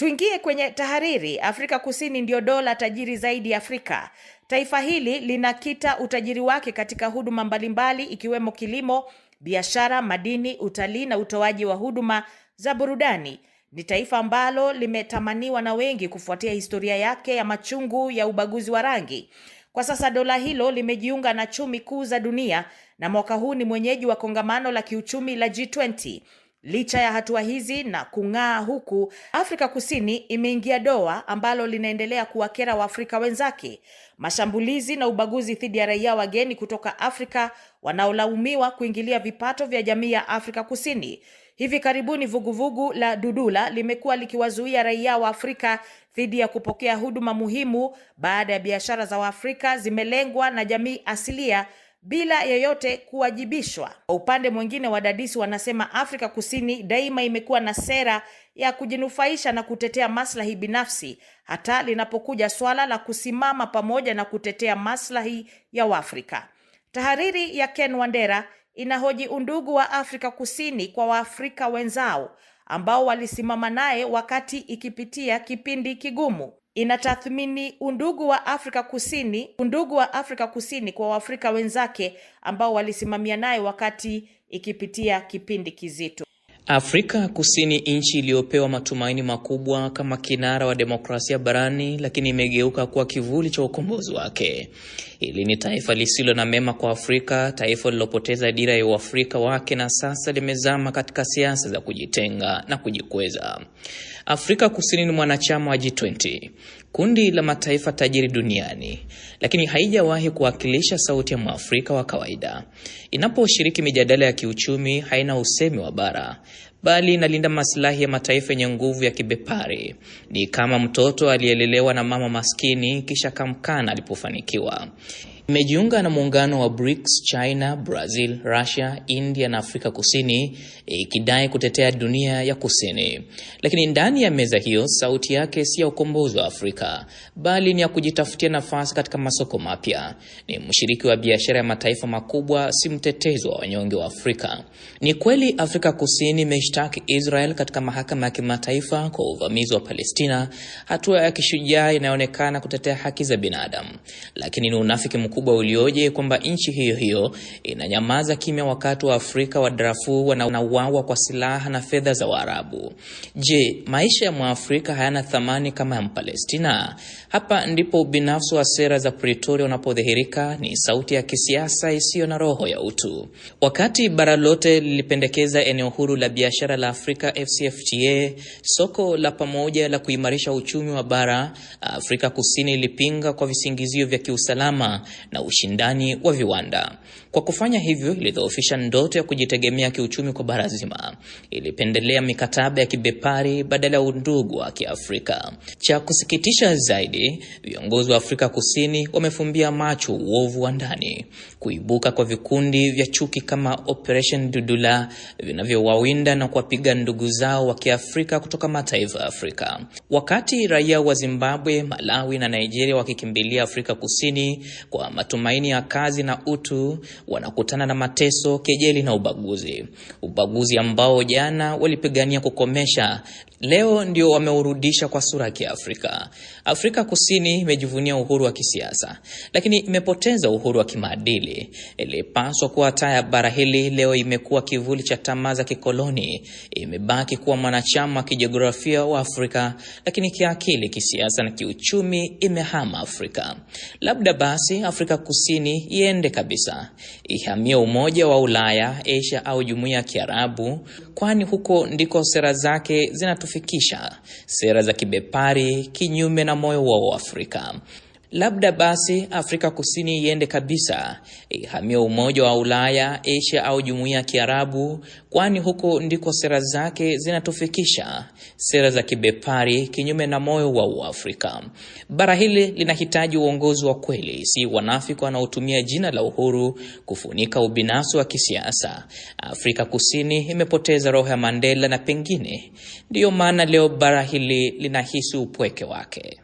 Tuingie kwenye tahariri. Afrika Kusini ndio dola tajiri zaidi Afrika. Taifa hili linakita utajiri wake katika huduma mbalimbali ikiwemo kilimo, biashara, madini, utalii na utoaji wa huduma za burudani. Ni taifa ambalo limetamaniwa na wengi kufuatia historia yake ya machungu ya ubaguzi wa rangi. Kwa sasa dola hilo limejiunga na chumi kuu za dunia na mwaka huu ni mwenyeji wa kongamano la kiuchumi la G20. Licha ya hatua hizi na kung'aa huku, Afrika Kusini imeingia doa ambalo linaendelea kuwakera Waafrika wenzake. Mashambulizi na ubaguzi dhidi ya raia wageni kutoka Afrika wanaolaumiwa kuingilia vipato vya jamii ya Afrika Kusini. Hivi karibuni vuguvugu vugu la Dudula limekuwa likiwazuia raia wa Afrika dhidi ya kupokea huduma muhimu baada ya biashara za Waafrika zimelengwa na jamii asilia bila yeyote kuwajibishwa. Kwa upande mwingine, wadadisi wanasema Afrika Kusini daima imekuwa na sera ya kujinufaisha na kutetea maslahi binafsi hata linapokuja swala la kusimama pamoja na kutetea maslahi ya Waafrika. Tahariri ya Ken Wandera inahoji undugu wa Afrika Kusini kwa Waafrika wenzao ambao walisimama naye wakati ikipitia kipindi kigumu inatathmini undugu wa Afrika Kusini, undugu wa Afrika Kusini kwa Waafrika wenzake ambao walisimamia naye wakati ikipitia kipindi kizito. Afrika Kusini, nchi iliyopewa matumaini makubwa kama kinara wa demokrasia barani, lakini imegeuka kuwa kivuli cha ukombozi wake. Hili ni taifa lisilo na mema kwa Afrika, taifa lilopoteza dira ya uafrika wake na sasa limezama katika siasa za kujitenga na kujikweza. Afrika Kusini ni mwanachama wa G20, kundi la mataifa tajiri duniani, lakini haijawahi kuwakilisha sauti ya mwafrika wa kawaida. Inaposhiriki mijadala ya kiuchumi, haina usemi wa bara, bali inalinda maslahi ya mataifa yenye nguvu ya kibepari. Ni kama mtoto aliyelelewa na mama maskini kisha kamkana alipofanikiwa imejiunga na muungano wa BRICS, China, Brazil, Russia, India na Afrika Kusini ikidai kutetea dunia ya Kusini. Lakini ndani ya meza hiyo sauti yake si ya ukombozi wa Afrika, bali ni ya kujitafutia nafasi katika masoko mapya. Ni mshiriki wa biashara ya mataifa makubwa, si mtetezi wa wanyonge wa Afrika. Ni kweli Afrika Kusini imeshtaki Israel katika mahakama ya kimataifa kwa uvamizi wa Palestina, hatua ya kishujaa inayoonekana kutetea haki za binadamu, lakini ni unafiki mkubwa mkubwa ulioje kwamba nchi hiyo hiyo inanyamaza kimya wakati wa Afrika wa Darfur wanauawa kwa silaha na fedha za Waarabu. Je, maisha ya Mwafrika hayana thamani kama ya Mpalestina? Hapa ndipo ubinafsi wa sera za Pretoria unapodhihirika, ni sauti ya kisiasa isiyo na roho ya utu. Wakati bara lote lilipendekeza eneo huru la biashara la Afrika AfCFTA, soko la pamoja la kuimarisha uchumi wa bara, Afrika Kusini ilipinga kwa visingizio vya kiusalama na ushindani wa viwanda. Kwa kufanya hivyo, ilidhoofisha ndoto ya kujitegemea kiuchumi kwa bara zima. Ilipendelea mikataba ya kibepari badala ya undugu wa Kiafrika. Cha kusikitisha zaidi, viongozi wa Afrika Kusini wamefumbia macho uovu wa ndani, kuibuka kwa vikundi vya chuki kama Operation Dudula vinavyowawinda na kuwapiga ndugu zao wa Kiafrika kutoka mataifa ya Afrika. Wakati raia wa Zimbabwe, Malawi na Nigeria wakikimbilia Afrika Kusini kwa matumaini ya kazi na utu wanakutana na mateso, kejeli na ubaguzi, ubaguzi ambao jana walipigania kukomesha, Leo ndio wameurudisha kwa sura ya Kiafrika. Afrika Kusini imejivunia uhuru wa kisiasa, lakini imepoteza uhuru wa kimaadili. Ilipaswa kuwa taya bara hili, leo imekuwa kivuli cha tamaa za kikoloni. Imebaki kuwa mwanachama wa kijiografia wa Afrika, lakini kiakili, kisiasa na kiuchumi imehama Afrika. Labda basi Afrika Kusini iende kabisa, ihamie Umoja wa Ulaya, Asia au Jumuiya ya Kiarabu, kwani huko ndiko sera zake zinatu kufikisha sera za kibepari kinyume na moyo wa afrika Labda basi Afrika Kusini iende kabisa ihamia Umoja wa Ulaya, Asia au Jumuiya ya Kiarabu, kwani huko ndiko sera zake zinatufikisha, sera za kibepari kinyume na moyo wa Uafrika. Bara hili linahitaji uongozi wa kweli, si wanafiki wanaotumia jina la uhuru kufunika ubinafsi wa kisiasa. Afrika Kusini imepoteza roho ya Mandela na pengine ndiyo maana leo bara hili linahisi upweke wake.